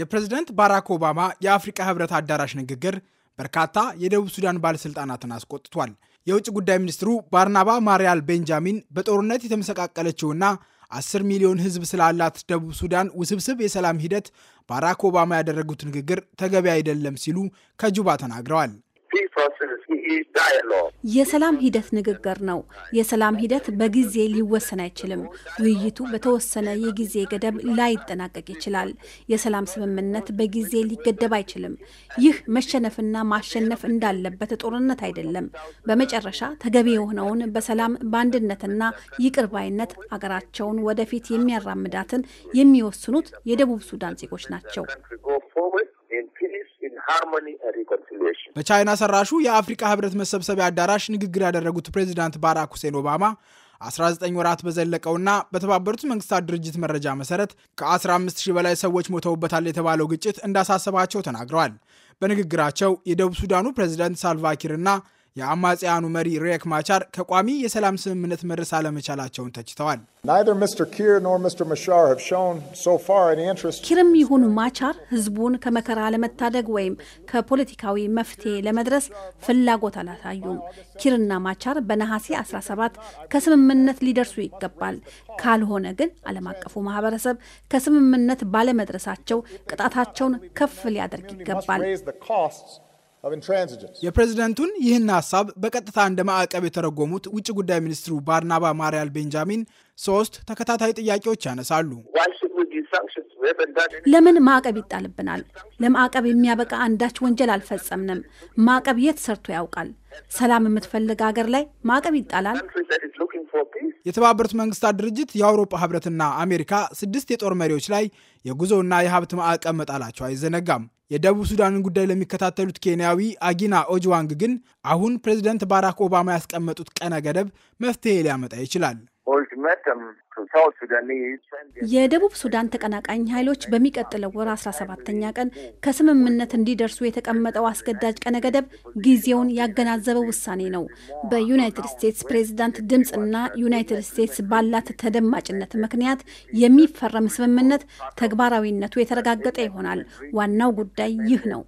የፕሬዝደንት ባራክ ኦባማ የአፍሪቃ ህብረት አዳራሽ ንግግር በርካታ የደቡብ ሱዳን ባለሥልጣናትን አስቆጥቷል። የውጭ ጉዳይ ሚኒስትሩ ባርናባ ማሪያል ቤንጃሚን በጦርነት የተመሰቃቀለችውና 10 ሚሊዮን ህዝብ ስላላት ደቡብ ሱዳን ውስብስብ የሰላም ሂደት ባራክ ኦባማ ያደረጉት ንግግር ተገቢ አይደለም ሲሉ ከጁባ ተናግረዋል። የሰላም ሂደት ንግግር ነው። የሰላም ሂደት በጊዜ ሊወሰን አይችልም። ውይይቱ በተወሰነ የጊዜ ገደብ ላይጠናቀቅ ይችላል። የሰላም ስምምነት በጊዜ ሊገደብ አይችልም። ይህ መሸነፍና ማሸነፍ እንዳለበት ጦርነት አይደለም። በመጨረሻ ተገቢ የሆነውን በሰላም በአንድነትና ይቅር ባይነት አገራቸውን ወደፊት የሚያራምዳትን የሚወስኑት የደቡብ ሱዳን ዜጎች ናቸው። በቻይና ሰራሹ የአፍሪካ ህብረት መሰብሰቢያ አዳራሽ ንግግር ያደረጉት ፕሬዚዳንት ባራክ ሁሴን ኦባማ 19 ወራት በዘለቀውና በተባበሩት መንግስታት ድርጅት መረጃ መሰረት ከ15000 በላይ ሰዎች ሞተውበታል የተባለው ግጭት እንዳሳሰባቸው ተናግረዋል። በንግግራቸው የደቡብ ሱዳኑ ፕሬዚዳንት እና የአማጽያኑ መሪ ሬክ ማቻር ከቋሚ የሰላም ስምምነት መድረስ አለመቻላቸውን ተችተዋል። ኪርም ይሁኑ ማቻር ህዝቡን ከመከራ ለመታደግ ወይም ከፖለቲካዊ መፍትሄ ለመድረስ ፍላጎት አላሳዩም። ኪርና ማቻር በነሐሴ 17 ከስምምነት ሊደርሱ ይገባል። ካልሆነ ግን ዓለም አቀፉ ማህበረሰብ ከስምምነት ባለመድረሳቸው ቅጣታቸውን ከፍ ሊያደርግ ይገባል። የፕሬዝደንቱን ይህን ሀሳብ በቀጥታ እንደ ማዕቀብ የተረጎሙት ውጭ ጉዳይ ሚኒስትሩ ባርናባ ማርያል ቤንጃሚን ሶስት ተከታታይ ጥያቄዎች ያነሳሉ። ለምን ማዕቀብ ይጣልብናል? ለማዕቀብ የሚያበቃ አንዳች ወንጀል አልፈጸምንም። ማዕቀብ የት ሰርቶ ያውቃል? ሰላም የምትፈልግ ሀገር ላይ ማዕቀብ ይጣላል? የተባበሩት መንግስታት ድርጅት የአውሮፓ ህብረትና አሜሪካ ስድስት የጦር መሪዎች ላይ የጉዞና የሀብት ማዕቀብ መጣላቸው አይዘነጋም። የደቡብ ሱዳንን ጉዳይ ለሚከታተሉት ኬንያዊ አጊና ኦጅዋንግ ግን አሁን ፕሬዝደንት ባራክ ኦባማ ያስቀመጡት ቀነ ገደብ መፍትሄ ሊያመጣ ይችላል። የደቡብ ሱዳን ተቀናቃኝ ኃይሎች በሚቀጥለው ወር አስራ ሰባተኛ ቀን ከስምምነት እንዲደርሱ የተቀመጠው አስገዳጅ ቀነ ገደብ ጊዜውን ያገናዘበ ውሳኔ ነው። በዩናይትድ ስቴትስ ፕሬዝዳንት ድምፅና ዩናይትድ ስቴትስ ባላት ተደማጭነት ምክንያት የሚፈረም ስምምነት ተግባራዊነቱ የተረጋገጠ ይሆናል። ዋናው ጉዳይ ይህ ነው።